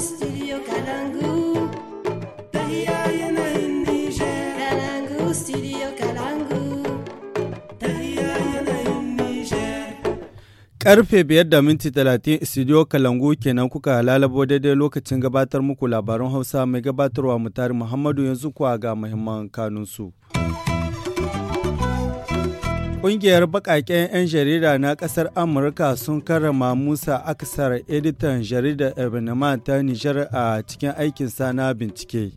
studio Kalangu. Karfe biyar da minti talatin studio Kalangu kenan kuka lalabo daidai lokacin gabatar muku labaran Hausa mai gabatarwa mutari Muhammadu yanzu kuwa ga muhimman kanunsu. Ƙungiyar baƙaƙen 'yan jarida na ƙasar Amurka sun karrama Musa Aksar editan jaridar Ebenema ta Nijar a cikin aikin sana bincike.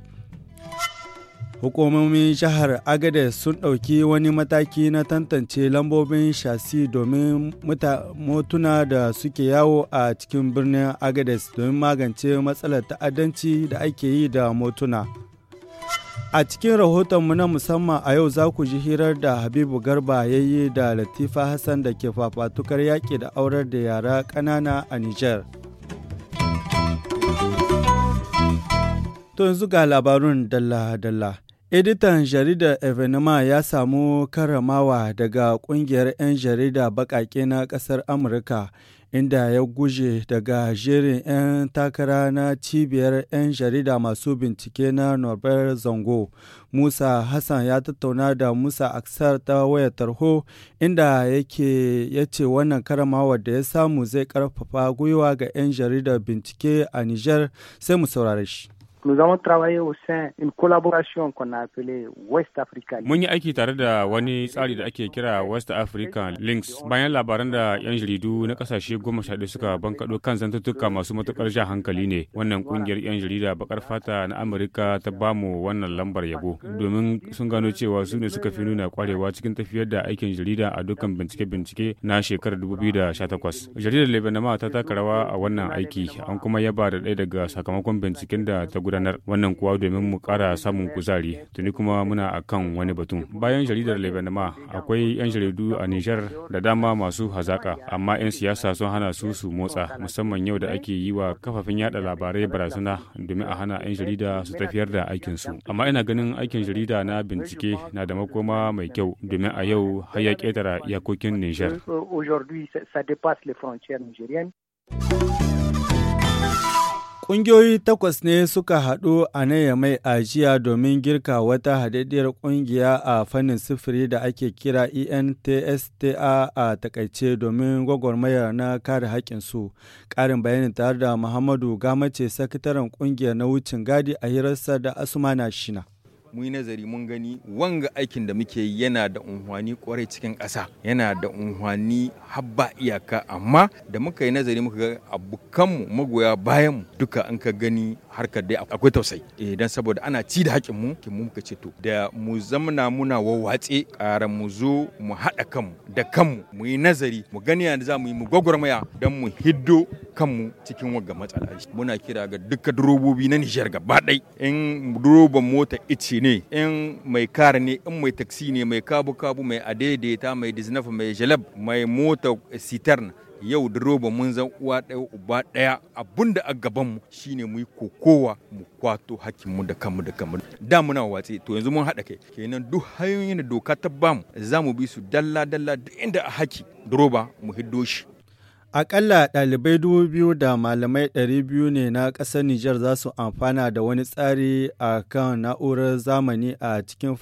Hukumomin jihar Agade sun ɗauki wani mataki na tantance lambobin shasi domin motuna da suke yawo a cikin birnin Agades domin magance matsalar ta'addanci da ake yi da motuna. A cikin rahotonmu na musamman a yau za ku ji hirar da Habibu Garba ya yi da Latifa Hassan da ke fafatukar yaƙi da aurar da yara ƙanana a Nijar. To yanzu ga labarun dalla-dalla. Editan jaridar Evenema ya samu karamawa daga ƙungiyar 'yan jarida baƙaƙe na ƙasar Amurka. inda ya guje daga jerin 'yan takara na cibiyar 'yan jarida masu bincike na nobel Zango. Musa Hassan ya tattauna da Musa Aksar ta waya tarho inda yake ya ce wannan karamawa da ya samu zai karfafa gwiwa ga 'yan jaridar bincike a Nijar sai mu saurare shi. Nous avons travaillé au sein une collaboration qu'on a appelée West Africa. Mun yi aiki tare da wani tsari da ake kira West African Links bayan labaran da 'yan jaridu na kasashe goma sha ɗaya suka bankaɗo kan zantuttuka masu matuƙar ja hankali ne. Wannan ƙungiyar 'yan jarida bakar fata na Amurka ta bamu wannan lambar yabo domin sun gano cewa su ne suka fi nuna kwarewa cikin tafiyar da aikin jarida a dukkan bincike-bincike na shekarar 2018. Jaridar Lebanama ta taka rawa a wannan aiki an kuma yaba da ɗaya daga sakamakon binciken da ta gudanar gudanar wannan kuwa domin mu kara samun kuzari tuni kuma muna a kan wani batun bayan jaridar lebanama akwai 'yan jaridu a nijar da dama masu hazaka amma 'yan siyasa sun hana su su motsa musamman yau da ake yi wa kafafin yada labarai barazana domin a hana 'yan jarida su tafiyar da aikinsu amma ina ganin aikin jarida na bincike na da makoma mai kyau domin a yau har ya ƙetara iyakokin nijar. Ƙungiyoyi takwas ne suka haɗu a nan mai ajiya domin girka wata hadaddiyar ƙungiya a fannin sufuri da ake kira ENTSTA a takaice domin gwagwarmayar na kare haƙƙinsu. Ƙarin bayani tare da Muhammadu Gamace, sakataren ƙungiyar na wucin gadi a hirarsa da Asumana Shina. mu yi nazari mun gani wanga aikin da muke yana da unhwani kwarai cikin ƙasa yana da unhwani habba iyaka amma da muka yi nazari muka ga abokanmu magoya bayanmu duka an ka gani harkar dai akwai tausayi idan eh, saboda ana ci da haƙin mu ki mu ce to da mu zamna muna wawatse ƙara mu zo mu haɗa kanmu da kanmu mu yi nazari mu gani yadda za mu yi mu gwagwarmaya don mu hiddo kanmu cikin wagga matsala muna kira ga duka durobobi na Nijar gaba ɗai in duroban mota ice ne in mai kar ne in mai taksi ne mai kabu kabu mai adaidaita mai disnaf mai jalab mai mota sitarna yau da roba mun zan uwa ɗaya uba ɗaya abun da a gaban mu shine mu yi kokowa mu kwato hakkin mu da kanmu da kanmu da muna watsi to yanzu mun haɗa kai kenan duk hanyoyin da doka ta bamu za mu bi su dalla dalla duk inda a haki da roba mu hiddo shi Aƙalla ɗalibai dubu biyu da malamai ɗari biyu ne na ƙasar Nijar za su amfana da wani tsari a kan na'urar zamani a cikin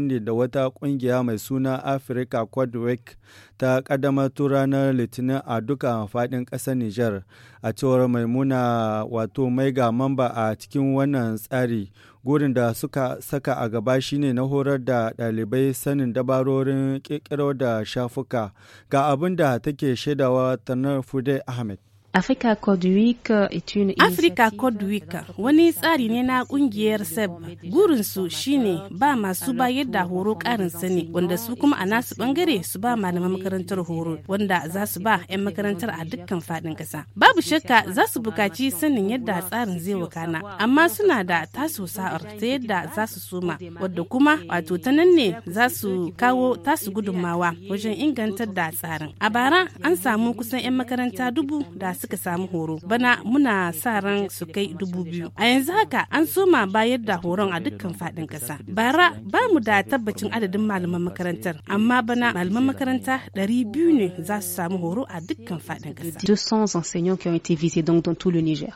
ne da wata ƙungiya mai suna Africa Quadwick ta ƙaddamato ranar Litinin a duka faɗin ƙasar Nijar. A cewar maimuna wato mai ga mamba a cikin wannan tsari Gurin da suka saka a gaba shine na horar da ɗalibai sanin dabarorin ƙirƙiro da shafuka ga abin da take shaidawa Tanar Fude Ahmed. Africa Code Week et uh, une Africa Code Week wani tsari ne na kungiyar SEB. Gurin su shine ba masu bayar da horo karin sani wanda su kuma a nasu bangare su ba malaman makarantar horo wanda za su ba 'yan makarantar a dukkan fadin kasa. Babu shakka za su bukaci sanin yadda tsarin zai wakana amma suna da tasu sa'ar ta yadda za su suma wadda kuma wato ta nan ne za su kawo tasu gudunmawa wajen ingantar da tsarin. A bara an samu kusan 'yan makaranta dubu da suka samu horo bana muna sa ran su kai dubu biyu a yanzu haka an soma bayar da horon a dukkan faɗin kasa bara ba mu da tabbacin adadin malaman makarantar amma bana malaman makaranta ɗari biyu ne za su samu horo a dukkan faɗin kasa. 200 enseignants qui ont été visés donc dans tout le Niger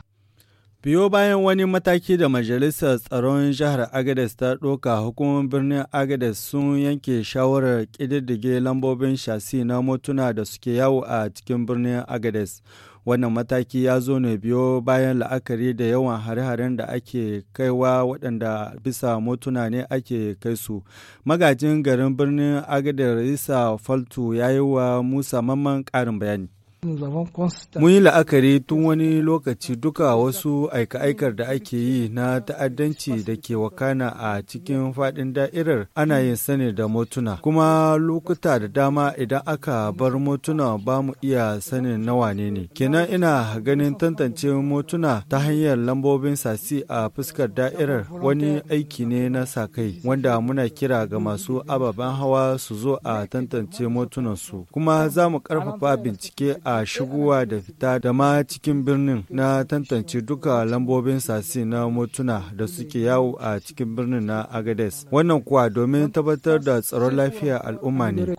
Biyo bayan wani mataki da Majalisar Tsaron Jihar Agadez ta ɗoka hukumar birnin Agadez sun yanke shawarar ƙididdige lambobin shasi na motuna da suke yawo a cikin birnin Agadez. Wannan mataki ya zo ne biyo bayan la'akari da yawan hare-haren da ake kaiwa waɗanda bisa motuna ne ake kai su. Magajin garin birnin Agadez Isa Faltu ya yi wa Musa Mamman ƙarin bayani. Mun yi la'akari tun wani lokaci duka wasu aika-aikar da ake yi na ta'addanci da ke wakana a cikin faɗin da'irar ana yin sani da motuna. Kuma lokuta da dama idan aka bar motuna ba mu iya sanin na wane ne. Kenan ina ganin tantance motuna ta hanyar lambobin sasi a fuskar da'irar wani aiki ne na sakai wanda muna kira ga masu ababen hawa su zo a tantance motunansu. Kuma za mu ƙarfafa bincike a a shigowa da fita da ma cikin birnin na tantance duka lambobin sasi na motuna da suke yawo a cikin birnin na Agades. Wannan kuwa domin tabbatar da tsaron lafiya al'umma ne.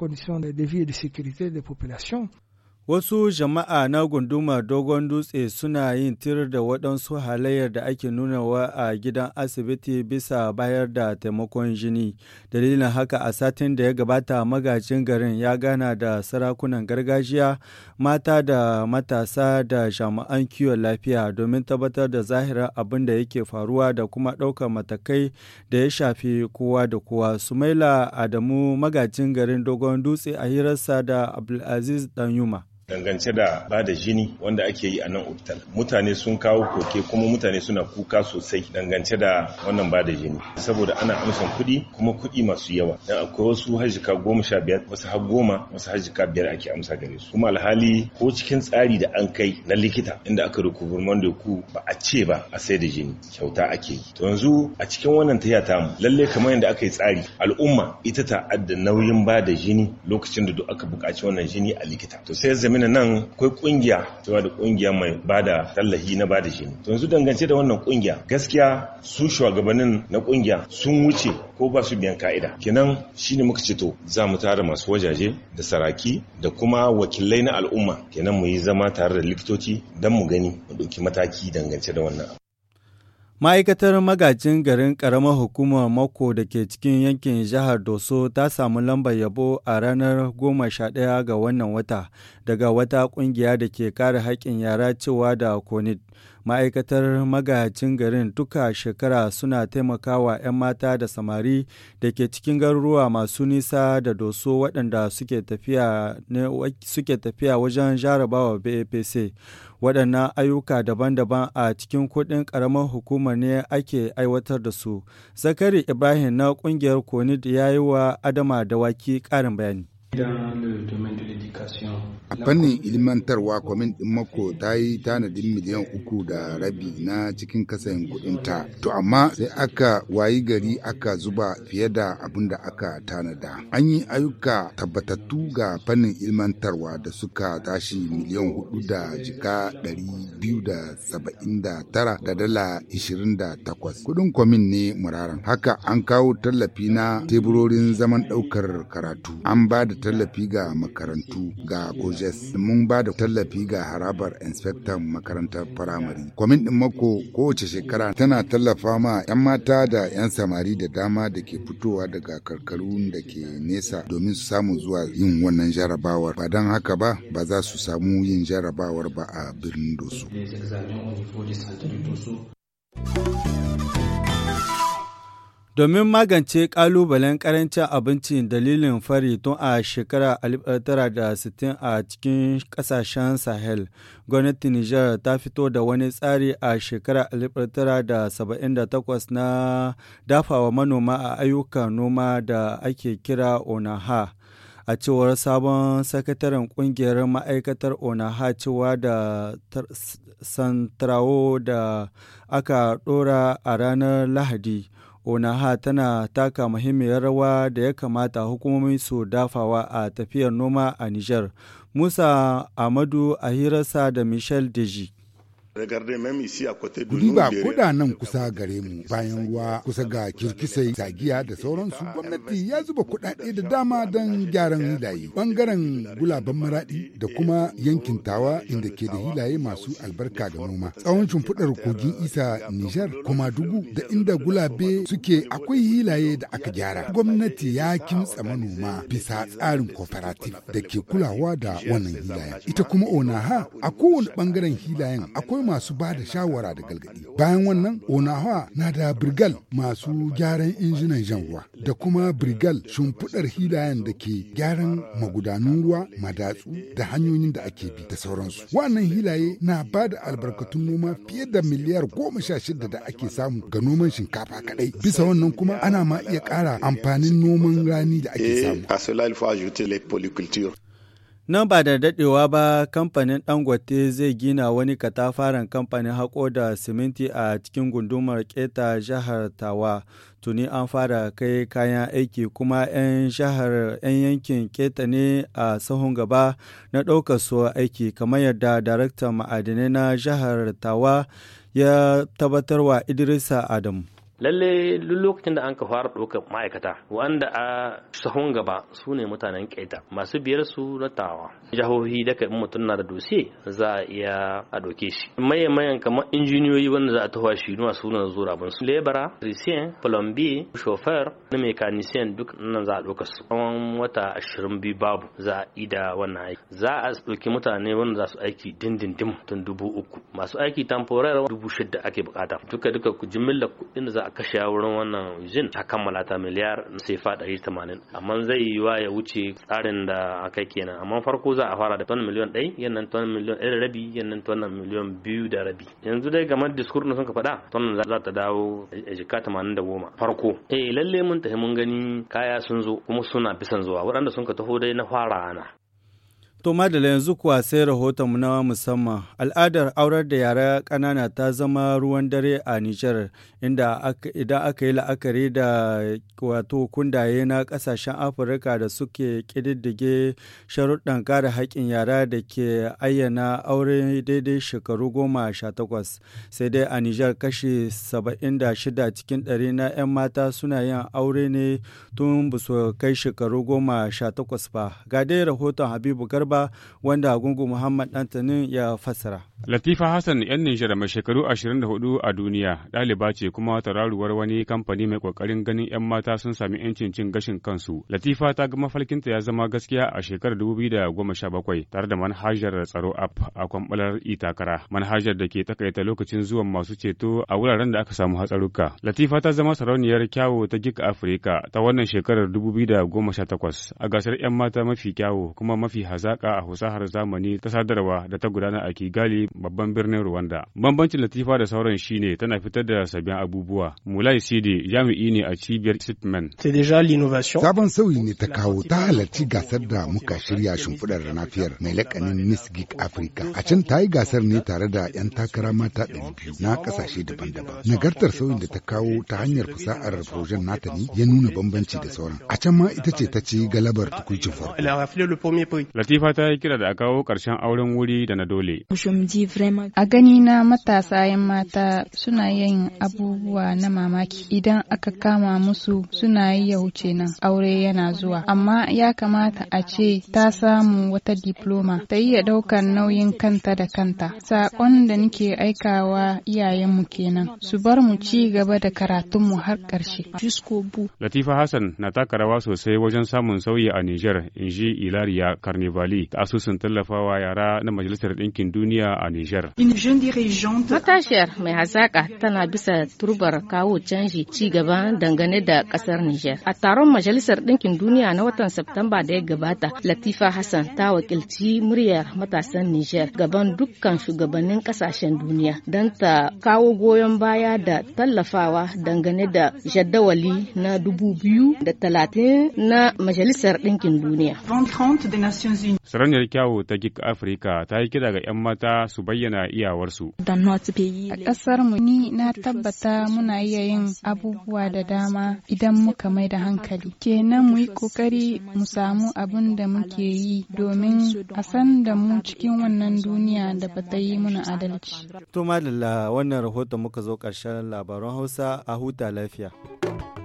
Wasu jama'a na gundumar Dogon Dutse suna yin tir da waɗansu halayyar da ake nunawa a gidan asibiti bisa bayar da taimakon jini. Dalilin haka a satin da ya gabata magajin garin ya gana da sarakunan gargajiya, mata da matasa da jama'an kiwon lafiya domin tabbatar da zahirar abin da yake faruwa da kuma ɗaukar matakai da ya shafi kowa da kowa. Sumaila Adamu magajin garin Dogon Dutse a hirarsa da Abdulaziz Danyuma. dangance da ba da jini wanda ake yi a nan otal mutane sun kawo koke kuma mutane suna kuka sosai dangance da wannan ba da jini saboda ana amsan kuɗi kuma kuɗi masu yawa dan akwai wasu hajjika goma sha biyar wasu har goma wasu hajjika biyar ake amsa gare su kuma alhali ko cikin tsari da an kai na likita inda aka rukuburman da ku ba a ce ba a sai da jini kyauta ake yi to yanzu a cikin wannan ta mu lalle kamar yadda aka yi tsari al'umma ita ta adda nauyin ba da jini lokacin da duk aka buƙaci wannan jini a likita to sai zamin Madina nan akwai kungiya cewa da kungiya mai bada tallahi na bada jini. To yanzu dangance da wannan kungiya gaskiya su shugabannin na kungiya sun wuce ko ba su biyan ka'ida. Kenan shine muka ce to za mu tara masu wajaje da saraki da kuma wakilai na al'umma kenan mu yi zama tare da likitoci don mu gani mu ɗauki mataki dangance da wannan Ma'aikatar magajin garin ƙaramar hukumar Mako da ke cikin yankin jihar Doso ta samu lambar yabo a ranar 11 ga wannan wata daga wata ƙungiya da ke kare haƙƙin yara cewa da Konid. ma'aikatar magajin garin duka shekara suna taimakawa 'yan mata da samari da ke cikin garuruwa masu nisa da doso waɗanda suke tafiya wajen jarabawa bapc waɗannan ayyuka daban-daban a cikin kuɗin ƙaramin hukumar ne ake aiwatar da su zakari ibrahim na ƙungiyar konid ya yi wa adama dawaki ƙarin bayani Fannin ilmantarwa kwamin ɗin mako ta yi tanadin miliyan uku da rabi na cikin kasayin kuɗinta. To amma sai aka wayi gari aka zuba fiye da abin da aka tanada. An yi ayyuka tabbatattu ga fannin ilmantarwa da suka tashi miliyan hudu da jika ɗari biyu da saba'in da tara da dala ishirin da takwas. Kuɗin kwamin ne muraran. Haka an kawo tallafi na teburorin zaman ɗaukar karatu. An ba da tallafi ga makarantu ga gojes mun ba da tallafi ga harabar inspectan makarantar firamare kwamin din mako kowace shekara tana tallafa ma 'yan mata da 'yan samari da dama da ke fitowa daga karkarun da ke nesa domin su samu zuwa yin wannan jarabawar ba don haka ba ba za su samu yin jarabawar ba a birnin dosu. Domin magance ƙalubalen ƙarancin abinci dalilin fari tun a shekarar 1960 a cikin ƙasashen Sahel, gwamnati Nijar ta fito da wani tsari a shekarar 1978 na dafawa manoma a ayyukan noma da ake kira ONAHA. a cewar sabon sakataren kungiyar ma'aikatar onaha cewa da santrawo da aka dora a ranar lahadi onaha tana taka muhimmiyar rawa da ya kamata hukumomi su dafawa a tafiyar noma a Nijar, musa amadu a hirarsa da michel deji Duba kuda nan kusa gare mu bayan ruwa kusa ga kirkisai zagiya, da sauransu gwamnati ya zuba kuɗaɗe da dama don gyaran hilaye bangaren gulaban maraɗi da kuma yankin tawa inda ke da hilaye masu albarka ga noma tsawon shimfiɗar kogin isa nijar kuma dubu da inda gulabe suke akwai hilaye da aka gyara gwamnati ya kimtsa manoma bisa tsarin cooperative da ke kulawa da wannan hilayen ita kuma ona, ha, a kowane bangaren hilayen akwai akwai masu ba da shawara da galgadi bayan wannan onawa na da birgal masu gyaran injinan jan ruwa da kuma birgal shimfiɗar hilayen da ke gyaran magudanun ruwa madatsu da hanyoyin da ake bi da sauransu wannan hilaye na ba da albarkatun noma fiye da miliyar goma sha shida da ake samu ga noman shinkafa kaɗai bisa wannan kuma ana ma iya ƙara amfanin noman rani da ake samu eh, Nan ba da daɗewa ba kamfanin Dangote zai gina wani katafaren kamfanin haƙo da siminti a cikin gundumar keta jihar Tawa. Tuni an fara kai kayan aiki kuma 'yan jihar 'yan yankin keta ne a sahun gaba na ɗaukar su aiki kamar yadda daraktan ma'adinai na jihar Tawa ya tabbatarwa Idrisa Adamu. lalle duk lokacin da an ka fara ɗaukar ma'aikata wanda a sahun gaba su ne mutanen keta masu biyar su na tawa jihohi da kai mutum na da dosiye za a iya a ɗauke shi maye mayan kamar injiniyoyi wanda za a tawa shi nuna su na zura bin su lebara christian plombier chauffeur na mekanisiyan duk nan za a ɗauka su tsawon wata ashirin biyu babu za a ida wannan aiki za a ɗauki mutane wanda za su aiki dindindin tun dubu uku masu aiki tamforar dubu shida ake bukata duka duka jimillar kuɗin da za kashe wurin wannan jin ta kammala ta miliyar sefa 180 amma zai yi wa ya wuce tsarin da aka kenan amma farko za a fara da ton miliyan 1 yannan ton miliyan 1 rabi yannan ton miliyan 2 da rabi yanzu dai game da diskur sun ka faɗa ton za ta dawo eh, eh, jika 80 farko eh lalle mun tafi mun gani kaya sun zo kuma suna bisan zuwa waɗanda sun ka taho dai na fara ana To madala yanzu kuwa sai rahotonmu na musamman al'adar aurar da yara ƙanana ta zama ruwan dare a Nijar inda idan aka yi la'akari da wato kundaye na ƙasashen Afirka da suke ƙididdige sharuɗan kare haƙƙin yara da ke ayyana aure daidai shekaru goma sha takwas sai dai a Nijar kashi saba'in da shida cikin ɗari na 'yan mata suna yin aure ne tun ba su kai shekaru goma sha takwas ba ga dai rahoton Habibu Garba ba wanda gungu muhammad dantanin ya fassara Latifa Hassan ‘yan Nijar mai shekaru 24 a duniya, ɗaliba ce kuma tararuwar wani kamfani mai ƙoƙarin ganin ‘yan mata sun sami ‘yancin cin gashin kansu. Latifa ta ga mafarkinta ya zama gaskiya a shekarar 2017 tare da manhajar tsaro app a kwamɓalar itakara, manhajar da ke takaita lokacin zuwan masu ceto a wuraren da aka samu hatsaruka. Latifa ta zama sarauniyar kyawu ta Gik Afirka ta wannan shekarar 2018 a gasar ‘yan mata mafi kyawu kuma mafi hazaƙa a fasahar zamani ta sadarwa da ta gudana a Kigali babban birnin Rwanda. Bambancin Latifa da sauran shine tana fitar da sabbin abubuwa. Mulai Sidi jami'i ne a cibiyar Sitman. Sabon sauyi ne ta kawo ta halarci gasar da muka shirya shimfiɗar ranafiyar mai lakanin Miss Geek Africa. A can ta yi gasar ne tare da 'yan takara mata ɗari biyu na ƙasashe daban-daban. Nagartar sauyin da ta kawo ta hanyar fasa'ar projen nata ne ya nuna bambanci da sauran. A can ma ita ce ta ci galabar tukuncin farko. Latifa ta yi kira da a kawo ƙarshen auren wuri da na dole. A gani na matasa 'yan mata suna yin abubuwa na mamaki idan aka kama musu suna yi ya wuce nan aure yana zuwa. Amma ya kamata a ce ta samu wata diploma ta iya ɗaukar nauyin kanta da kanta. Saƙon da nake aikawa iyayenmu kenan su bar mu ci gaba da karatunmu har ƙarshe. Latifa Hassan na taka rawa sosai wajen samun sauyi a niger in ji Ilariya Carnivali ta asusun tallafawa yara na Majalisar Ɗinkin Duniya a Nijar. Matashiyar mai hazaƙa tana bisa turbar kawo canji ci gaba dangane da ƙasar Nijar. A taron Majalisar Ɗinkin Duniya na watan Septamba da ya gabata, Latifa Hassan ta wakilci muryar matasan Nijar gaban dukkan shugabannin ƙasashen duniya don ta kawo goyon baya da tallafawa dangane da jadawali na dubu biyu da talatin na Majalisar Ɗinkin Duniya. Sarauniyar kyawu ta Gik Afirka ta yi kira ga 'yan mata su bayyana iyawarsu. A ƙasar mu ni na tabbata muna iya yin abubuwa da dama idan muka mai da hankali. Kenan mu yi ƙoƙari mu samu abin da muke yi domin a san da mu cikin wannan duniya da ba ta yi muna adalci. To madalla wannan rahoton muka zo ƙarshen labaran Hausa a huta lafiya.